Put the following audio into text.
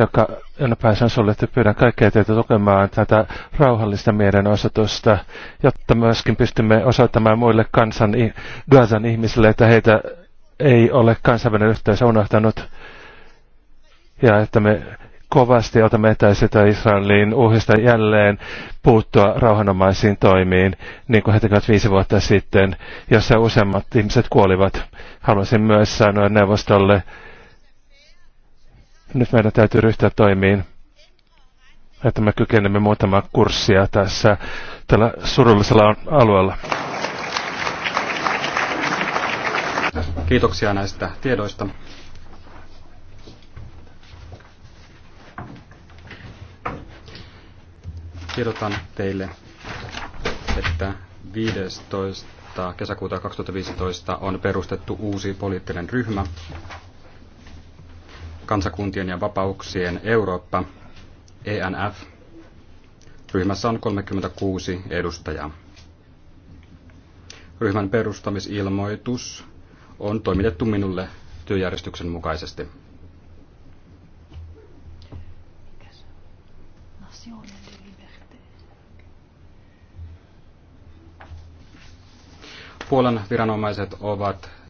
joka, jonne pääsen sulle, että Pyydän kaikkia teitä tukemaan tätä rauhallista mielenosoitusta, jotta myöskin pystymme osoittamaan muille kansan, Gazan ihmisille, että heitä ei ole kansainvälinen yhteisö unohtanut ja että me kovasti otamme etäisyyttä Israelin uhista jälleen puuttua rauhanomaisiin toimiin, niin kuin he tekivät viisi vuotta sitten, jossa useammat ihmiset kuolivat. Haluaisin myös sanoa neuvostolle, nyt meidän täytyy ryhtyä toimiin, että me kykenemme muutama kurssia tässä tällä surullisella alueella. Kiitoksia näistä tiedoista. Tiedotan teille, että 15. kesäkuuta 2015 on perustettu uusi poliittinen ryhmä, kansakuntien ja vapauksien Eurooppa, ENF. Ryhmässä on 36 edustajaa. Ryhmän perustamisilmoitus on toimitettu minulle työjärjestyksen mukaisesti. Puolan viranomaiset ovat